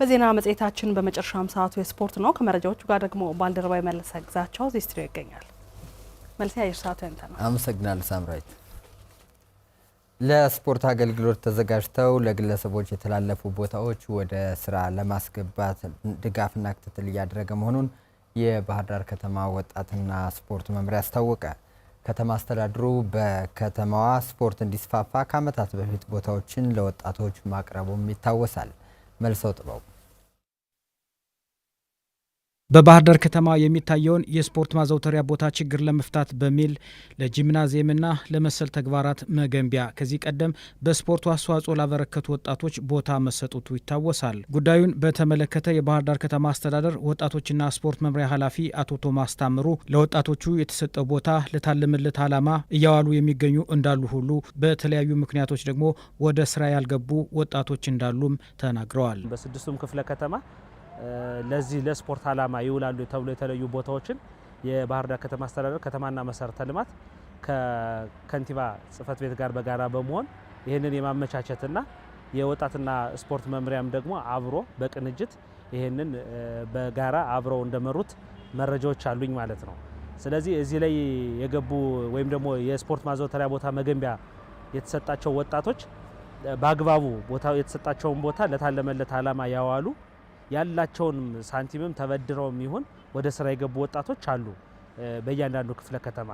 በዜና መጽሔታችን በመጨረሻም ሰዓቱ የስፖርት ነው። ከመረጃዎቹ ጋር ደግሞ ባልደረባ መለሰ ግዛቸው እዚህ ስቱዲዮ ይገኛል። መልስ የአየር ሰዓቱ ያንተ ነው። አመሰግናለሁ ሳምራዊት። ለስፖርት አገልግሎት ተዘጋጅተው ለግለሰቦች የተላለፉ ቦታዎች ወደ ስራ ለማስገባት ድጋፍና ክትትል እያደረገ መሆኑን የባህር ዳር ከተማ ወጣትና ስፖርት መምሪያ አስታወቀ። ከተማ አስተዳድሩ በከተማዋ ስፖርት እንዲስፋፋ ከዓመታት በፊት ቦታዎችን ለወጣቶች ማቅረቡም ይታወሳል። መልሰው ጥበቡ በባህር ዳር ከተማ የሚታየውን የስፖርት ማዘውተሪያ ቦታ ችግር ለመፍታት በሚል ለጂምናዚየምና ለመሰል ተግባራት መገንቢያ ከዚህ ቀደም በስፖርቱ አስተዋጽኦ ላበረከቱ ወጣቶች ቦታ መሰጡቱ ይታወሳል። ጉዳዩን በተመለከተ የባህር ዳር ከተማ አስተዳደር ወጣቶችና ስፖርት መምሪያ ኃላፊ አቶ ቶማስ ታምሩ ለወጣቶቹ የተሰጠው ቦታ ለታለመለት ዓላማ እያዋሉ የሚገኙ እንዳሉ ሁሉ በተለያዩ ምክንያቶች ደግሞ ወደ ስራ ያልገቡ ወጣቶች እንዳሉም ተናግረዋል። በስድስቱም ክፍለ ከተማ ለዚህ ለስፖርት ዓላማ ይውላሉ ተብሎ የተለዩ ቦታዎችን የባህር ዳር ከተማ አስተዳደር ከተማና መሰረተ ልማት ከከንቲባ ጽህፈት ቤት ጋር በጋራ በመሆን ይህንን የማመቻቸትና የወጣትና ስፖርት መምሪያም ደግሞ አብሮ በቅንጅት ይህንን በጋራ አብረው እንደመሩት መረጃዎች አሉኝ ማለት ነው። ስለዚህ እዚህ ላይ የገቡ ወይም ደግሞ የስፖርት ማዘውተሪያ ቦታ መገንቢያ የተሰጣቸው ወጣቶች በአግባቡ ቦታ የተሰጣቸውን ቦታ ለታለመለት ዓላማ ያዋሉ ያላቸውንም ሳንቲምም ተበድረው የሚሆን ወደ ስራ የገቡ ወጣቶች አሉ በእያንዳንዱ ክፍለ ከተማ።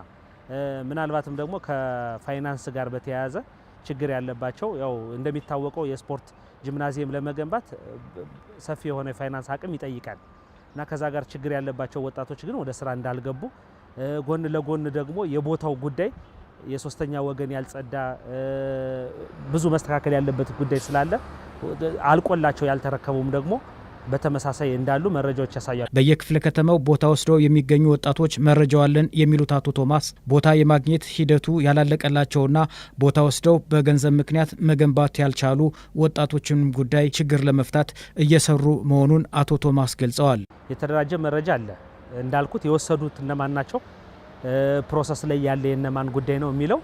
ምናልባትም ደግሞ ከፋይናንስ ጋር በተያያዘ ችግር ያለባቸው ያው እንደሚታወቀው የስፖርት ጂምናዚየም ለመገንባት ሰፊ የሆነ የፋይናንስ አቅም ይጠይቃል እና ከዛ ጋር ችግር ያለባቸው ወጣቶች ግን ወደ ስራ እንዳልገቡ፣ ጎን ለጎን ደግሞ የቦታው ጉዳይ የሶስተኛ ወገን ያልጸዳ ብዙ መስተካከል ያለበት ጉዳይ ስላለ አልቆላቸው ያልተረከቡም ደግሞ በተመሳሳይ እንዳሉ መረጃዎች ያሳያሉ። በየክፍለ ከተማው ቦታ ወስደው የሚገኙ ወጣቶች መረጃዋለን የሚሉት አቶ ቶማስ ቦታ የማግኘት ሂደቱ ያላለቀላቸውና ቦታ ወስደው በገንዘብ ምክንያት መገንባት ያልቻሉ ወጣቶችን ጉዳይ ችግር ለመፍታት እየሰሩ መሆኑን አቶ ቶማስ ገልጸዋል። የተደራጀ መረጃ አለ እንዳልኩት የወሰዱት እነማን ናቸው፣ ፕሮሰስ ላይ ያለ የነማን ጉዳይ ነው የሚለው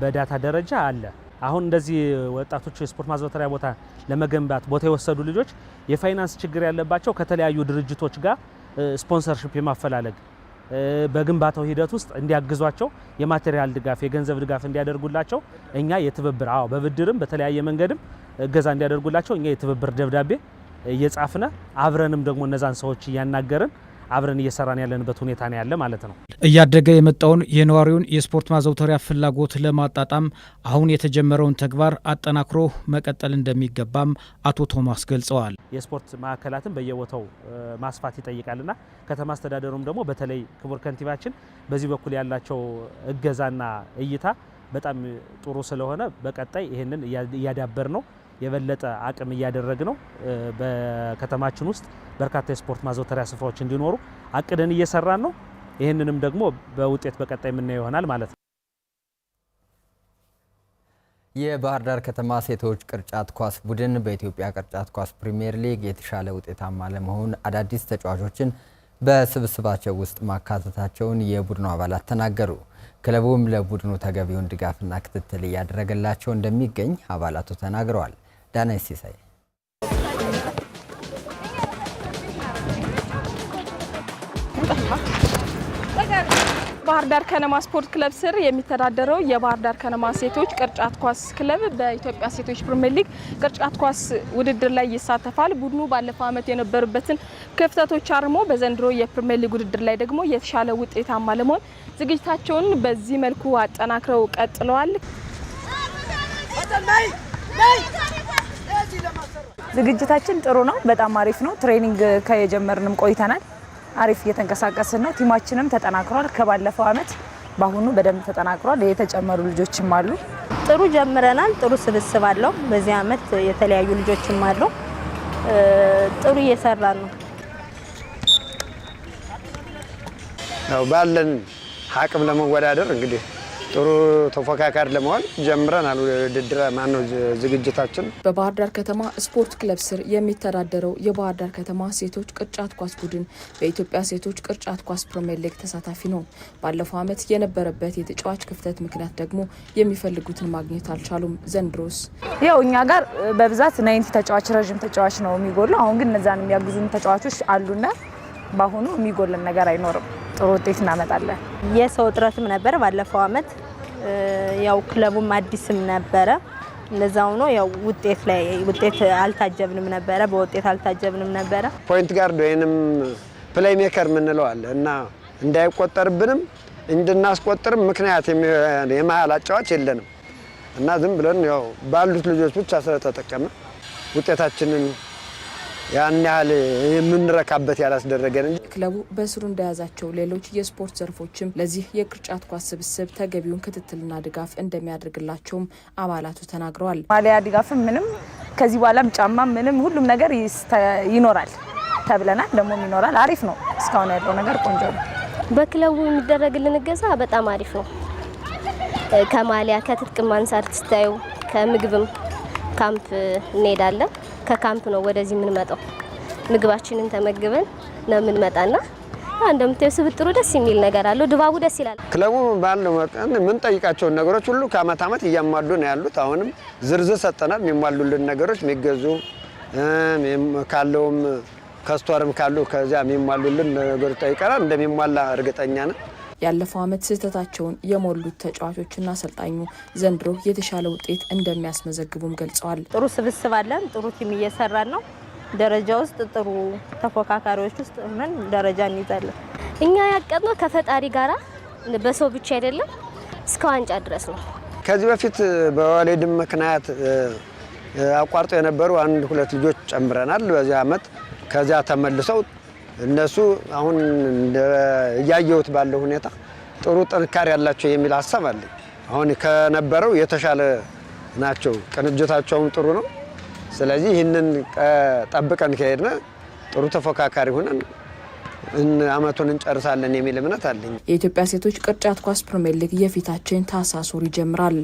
በዳታ ደረጃ አለ። አሁን እንደዚህ ወጣቶች የስፖርት ማዘውተሪያ ቦታ ለመገንባት ቦታ የወሰዱ ልጆች የፋይናንስ ችግር ያለባቸው ከተለያዩ ድርጅቶች ጋር ስፖንሰርሽፕ የማፈላለግ በግንባታው ሂደት ውስጥ እንዲያግዟቸው የማቴሪያል ድጋፍ፣ የገንዘብ ድጋፍ እንዲያደርጉላቸው እኛ የትብብር አዎ፣ በብድርም በተለያየ መንገድም እገዛ እንዲያደርጉላቸው እኛ የትብብር ደብዳቤ እየጻፍነ አብረንም ደግሞ እነዛን ሰዎች እያናገርን አብረን እየሰራን ያለንበት ሁኔታ ነው ያለ ማለት ነው። እያደገ የመጣውን የነዋሪውን የስፖርት ማዘውተሪያ ፍላጎት ለማጣጣም አሁን የተጀመረውን ተግባር አጠናክሮ መቀጠል እንደሚገባም አቶ ቶማስ ገልጸዋል። የስፖርት ማዕከላትን በየቦታው ማስፋት ይጠይቃልና ከተማ አስተዳደሩም ደግሞ በተለይ ክቡር ከንቲባችን በዚህ በኩል ያላቸው እገዛና እይታ በጣም ጥሩ ስለሆነ በቀጣይ ይህንን እያዳበር ነው የበለጠ አቅም እያደረግ ነው። በከተማችን ውስጥ በርካታ የስፖርት ማዘውተሪያ ስፍራዎች እንዲኖሩ አቅደን እየሰራን ነው። ይህንንም ደግሞ በውጤት በቀጣይ የምናየው ይሆናል ማለት ነው። የባህር ዳር ከተማ ሴቶች ቅርጫት ኳስ ቡድን በኢትዮጵያ ቅርጫት ኳስ ፕሪምየር ሊግ የተሻለ ውጤታማ ለመሆን አዳዲስ ተጫዋቾችን በስብስባቸው ውስጥ ማካተታቸውን የቡድኑ አባላት ተናገሩ። ክለቡም ለቡድኑ ተገቢውን ድጋፍና ክትትል እያደረገላቸው እንደሚገኝ አባላቱ ተናግረዋል። ዳና ሲሳይ ባህር ዳር ከነማ ስፖርት ክለብ ስር የሚተዳደረው የባህር ዳር ከነማ ሴቶች ቅርጫት ኳስ ክለብ በኢትዮጵያ ሴቶች ፕሪሚየር ሊግ ቅርጫት ኳስ ውድድር ላይ ይሳተፋል። ቡድኑ ባለፈው ዓመት የነበሩበትን ክፍተቶች አርሞ በዘንድሮ የፕሪሚየር ሊግ ውድድር ላይ ደግሞ የተሻለ ውጤታማ ለመሆን ዝግጅታቸውን በዚህ መልኩ አጠናክረው ቀጥለዋል። ዝግጅታችን ጥሩ ነው። በጣም አሪፍ ነው። ትሬኒንግ ከጀመርንም ቆይተናል። አሪፍ እየተንቀሳቀስን ነው። ቲማችንም ተጠናክሯል። ከባለፈው አመት በአሁኑ በደንብ ተጠናክሯል። የተጨመሩ ልጆችም አሉ። ጥሩ ጀምረናል። ጥሩ ስብስብ አለው። በዚህ አመት የተለያዩ ልጆችም አሉ። ጥሩ እየሰራ ነው። ያው ባለን አቅም ለመወዳደር እንግዲህ ጥሩ ተፎካካሪ ለመሆን ጀምረናል። ውድድር ማነው ዝግጅታችን በባህር ዳር ከተማ ስፖርት ክለብ ስር የሚተዳደረው የባህር ዳር ከተማ ሴቶች ቅርጫት ኳስ ቡድን በኢትዮጵያ ሴቶች ቅርጫት ኳስ ፕሪምየር ሊግ ተሳታፊ ነው። ባለፈው ዓመት የነበረበት የተጫዋች ክፍተት ምክንያት ደግሞ የሚፈልጉትን ማግኘት አልቻሉም። ዘንድሮስ ያው እኛ ጋር በብዛት ናይንቲ ተጫዋች ረዥም ተጫዋች ነው የሚጎሉ። አሁን ግን እነዛን የሚያግዙን ተጫዋቾች አሉና በአሁኑ የሚጎልን ነገር አይኖርም። ጥሩ ውጤት እናመጣለን። የሰው እጥረትም ነበር ባለፈው አመት ያው ክለቡም አዲስም ነበረ። እንደዛ ሆኖ ያው ውጤት ላይ ውጤት አልታጀብንም ነበረ፣ በውጤት አልታጀብንም ነበረ። ፖይንት ጋርድ ወይንም ፕሌይ ሜከር የምንለው አለ እና እንዳይቆጠርብንም እንድናስቆጥርም ምክንያት የመሀል አጫዋች የለንም እና ዝም ብለን ያው ባሉት ልጆች ብቻ ስለተጠቀምን ውጤታችንን ያን ያህል የምንረካበት ያላስደረገን እንጂ ክለቡ በስሩ እንደያዛቸው ሌሎች የስፖርት ዘርፎችም ለዚህ የቅርጫት ኳስ ስብስብ ተገቢውን ክትትልና ድጋፍ እንደሚያደርግላቸውም አባላቱ ተናግረዋል። ማሊያ ድጋፍም ምንም ከዚህ በኋላም ጫማ ምንም ሁሉም ነገር ይኖራል ተብለናል። ደግሞም ይኖራል። አሪፍ ነው። እስካሁን ያለው ነገር ቆንጆ ነው። በክለቡ የሚደረግልን እገዛ በጣም አሪፍ ነው። ከማሊያ ከትጥቅም አንሳር ትስታዩ ከምግብም ካምፕ እንሄዳለን ከካምፕ ነው ወደዚህ የምንመጣው። ምግባችንን ተመግበን ነው የምንመጣና እንደምታዩ ስብጥሩ ደስ የሚል ነገር አለው። ድባቡ ደስ ይላል። ክለቡ ባለው መጠን የምንጠይቃቸውን ነገሮች ሁሉ ከአመት አመት እያሟሉ ነው ያሉት። አሁንም ዝርዝር ሰጠናል። የሚሟሉልን ነገሮች የሚገዙ ካለውም ከስቶርም ካሉ ከዚያ የሚሟሉልን ነገሮች ጠይቀናል። እንደሚሟላ እርግጠኛ ነን። ያለፈው ዓመት ስህተታቸውን የሞሉት ተጫዋቾችና አሰልጣኙ ዘንድሮ የተሻለ ውጤት እንደሚያስመዘግቡም ገልጸዋል። ጥሩ ስብስብ አለን። ጥሩ ቲም እየሰራን ነው። ደረጃ ውስጥ ጥሩ ተፎካካሪዎች ውስጥ ሆነን ደረጃ እንይዛለን። እኛ ያቀድነው ከፈጣሪ ጋራ በሰው ብቻ አይደለም እስከ ዋንጫ ድረስ ነው። ከዚህ በፊት በወሌድም ምክንያት አቋርጦ የነበሩ አንድ ሁለት ልጆች ጨምረናል በዚህ ዓመት ከዚያ ተመልሰው እነሱ አሁን እያየሁት ባለው ሁኔታ ጥሩ ጥንካሬ ያላቸው የሚል ሀሳብ አለኝ። አሁን ከነበረው የተሻለ ናቸው። ቅንጅታቸውም ጥሩ ነው። ስለዚህ ይህንን ጠብቀን ከሄድነ ጥሩ ተፎካካሪ ሆነን አመቱን እንጨርሳለን የሚል እምነት አለኝ። የኢትዮጵያ ሴቶች ቅርጫት ኳስ ፕሪምየር ሊግ የፊታችን ታህሳስ ወር ይጀምራል።